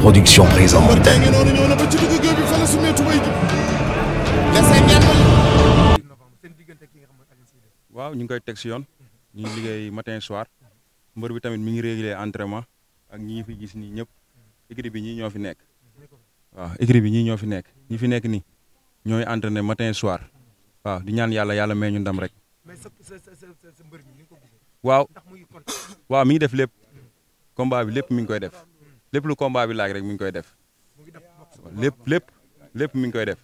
production présente. waaw ñu ngi koy teg si yoon ñu liggéey matin soir mbër bi tamit mi ngi réguler entraînement ak ñi fi gis nii ñëpp équipe bi ñii ñoo fi nekk waaw équipe bi ñii ñoo fi nekk ñu fi nekk nii ñooy entraîner matin soir waaw di ñaan yàlla yàlla may ñu ndam rek. waaw waaw mi ngi def lépp combat bi lépp mi ngi koy def. lépp lu combat bi laaj rek mi ngi koy def lépp lépp lépp ngi koy def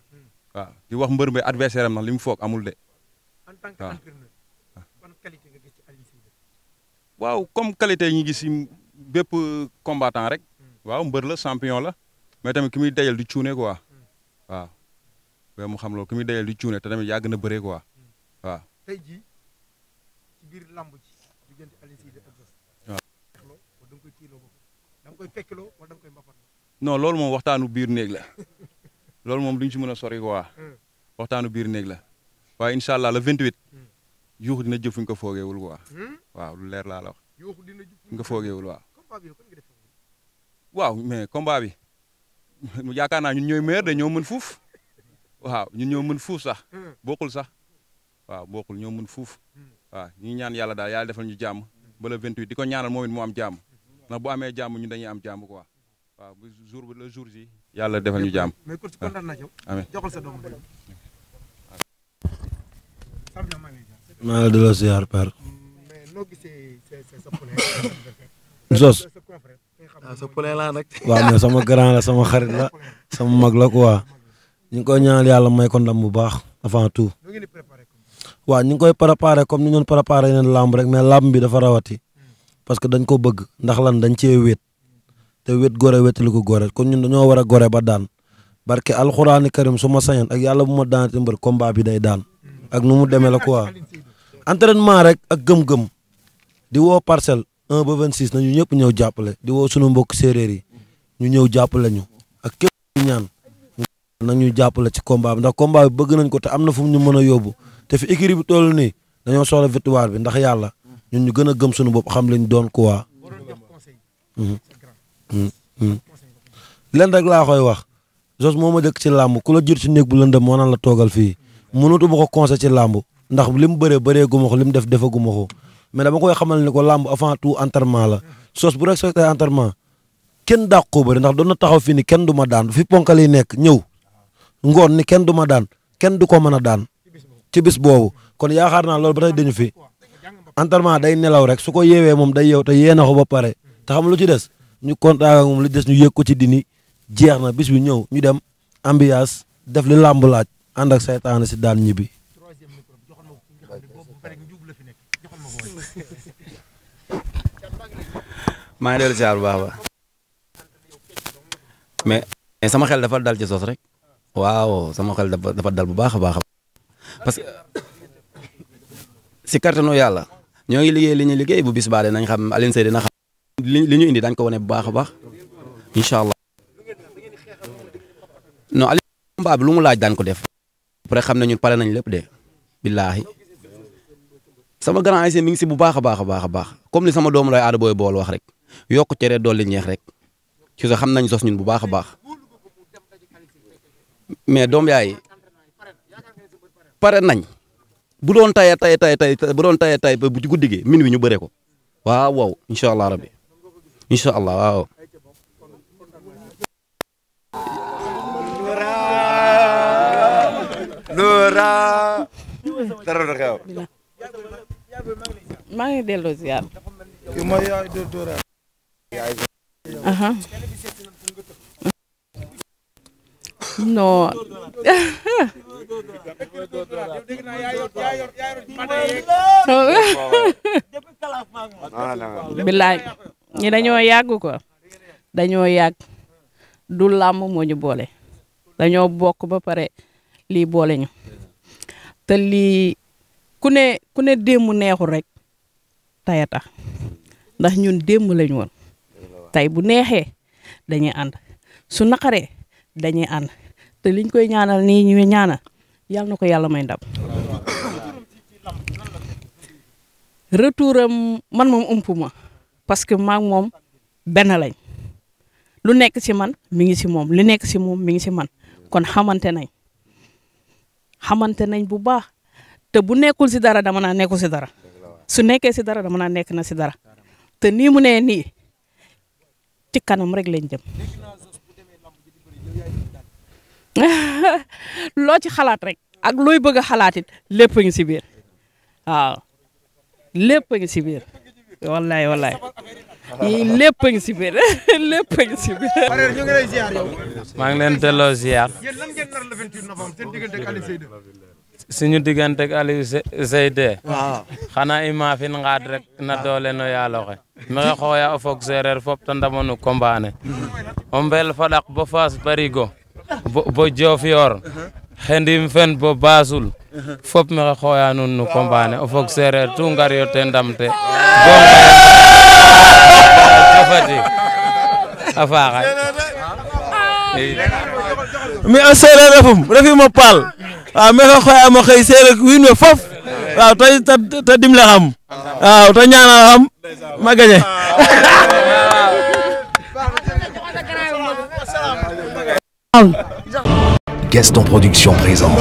waaw di wax mbër mi adversaire na nag foog amul de waaw. waaw comme qualité yi ñu gis si bépp combattant rek waaw mbër la champion la mais tamit ki muy dajal du cuune ko waaw ba mu xam loolu ki muy dajal du cuune te tamit yàgg na bëree ko waaw. da nga koy pekkiloo wala da nga koy mbapat non loolu moom waxtaanu biir néeg la loolu moom duñ ci mën a sori quoi hmm. waxtaanu biir néeg la waaye incha allah le 28 hmm. yuuxu dina jëf ñu ko foogeewul quoi hmm? waaw lu leer laa la wax yuuxu dina jëf fu ñu ko foogeewul waaw waaw mais combat bi yaakaar naa ñun ñooy meer de ñoo mën fuuf waaw ñun ñoo mën fuuf sax bokkul sax waaw bokkul ñoo mën fuuf waaw ñu ñaan yàlla daal yàlla defal ñu jàmm ba le 28 di ko ñaanal moom it am jàmm ndax bu amee jàmm ñu dañuy am jàmm quoi waaw bu jour bi le yàlla defal ñu jàmm. mais coach kontaan naa yow. amiin joxal sa doomu bëri. maa ngi delloo ziar par. Zoss. waaw ah, sa poulain laa waaw mais sama grand la sama xarit la sama mag la quoi ñu ngi koy ñaanal yàlla may ko ndam bu baax avant tout. waaw ñu ngi koy préparé comme ni ñu doon préparé yeneen làmb rek mais làmb bi dafa rawati parce que dañ ko bëgg ndax lan dañ cee wéet te wéet gore wéetali ko gore kon ñun dañoo war a gore ba daan barke alxuraani karim su ma sañoon ak yàlla bu ma daanati mbër combat bi day daan ak nu mu demee la quoi entraînement rek ak gëm-gëm di woo parcelle 1 ba 26 na ñu ñëpp ñëw jàppale di woo sunu mbokk séeréer yi ñu ñëw jàppale ñu ak képp ñaan nag ñu jàppale ci combat bi ndax combat bi bëgg nañ ko te am na fu ñu mën a yóbbu te fi équipe bi toll nii dañoo soxla victoire bi ndax yàlla ñun ñu gën a gëm suñu bopp xam lañ doon quoi. Mm-hmm. Mm-hmm. leen rek laa koy wax Zoss moo ma dëkk ci làmb ku la jur ci néeg bu lëndëm moo naan la toogal fii mënatu ma ko conseil ci làmb ndax li mu bëree bëree guma ko li mu def defa guma ko mais dama koy xamal ni ko làmb avant tout entraînement la Zoss bu respecté entraînement kenn dàq koo bëri ndax doon na taxaw fii ni kenn du ma daan fi ponkal nekk ñëw ngoon ni kenn du ma daan kenn du ko mën a daan ci bis boobu kon yaakaar entraînement day nelaw rek su ko yeewee moom day yeew te yee na ko ba pare te lu ci des ñu kontaan ak moom des ñu yëg ko ci dini jeex na bis bi ñëw ñu dem ambiance def li làmb laaj ànd ak si daal ñibi maa ngi dellu ziar bu baax mais sama xel dal ci sos rek waaw sama xel dafa dafa bu baax a baax parce que si kàttanu yàlla ñoo ngi liggéey li ñu liggéey bu bis baa dinañ xam Alioune Seye dina xam li ñu indi dañ ko wane bu baax a baax incha allah non Alioune combat lu mu laaj daan ko def après xam ne ñun pare nañ lépp de billaahi sama grand ayisee mi ngi si bu baax a baax a baax a baax comme li sama doomu lay aada bool wax rek yokk cere dolli ñeex rek ci sa xam nañ sos ñun bu baax a baax mais doom yaay pare nañ bu doon taya tay tay tay bu doon taya tay bu ci guddi gi min wi ñu bëre ko waaw waaw incha allah maa ngi delloo ziar. non. bilaay ñi dañoo yàgg ko dañoo yàgg du làmb moo ñu boole dañoo bokk ba pare lii boole ñu te lii ku ne ku ne démb neexul rek tey a tax ndax ñun démb lañ woon tey bu neexee dañuy ànd su naqaree dañuy ànd te liñ koy ñaanal nii ñu ñaana yàlla na ko yàlla may ndam. retour am man moom ump ma parce que maak moom benn lu nekk ci man mi ngi ci moom lu nekk ci moom mi ngi ci man kon xamante nañ xamante nañ bu baax te bu nekkul si dara dama naa nekkul si dara su nekkee ci dara dama naa nekk na ci dara te nii mu ne nii ci kanam rek lañ jëm. loo ci xalaat rek ak looy bëgg a xalaatit lépp a ngi si biir waaw lépp a ngi si a ñu ngi lay ziar yow. maa ngi leen suñu diggante ak xanaa i maafin ngaat rek na doole no yaaloxe. maxe xooya o fog seereer fop ta ndamonu kombaane. Mm. o mbel falaq bo faas barigo. bo bo Diofior hendim uh-huh. fen bo basul uh-huh. fop mi xoya nun nu kombane o fog sereer tu ngar yo te ndam te a fadi a faaxa mi a sereer refum refim o paal waaw maxey xoyam o xey sereer wiin we fof waaw te dimle xam waaw te ñaanal xam ma gañe waaw Gaston Production présente.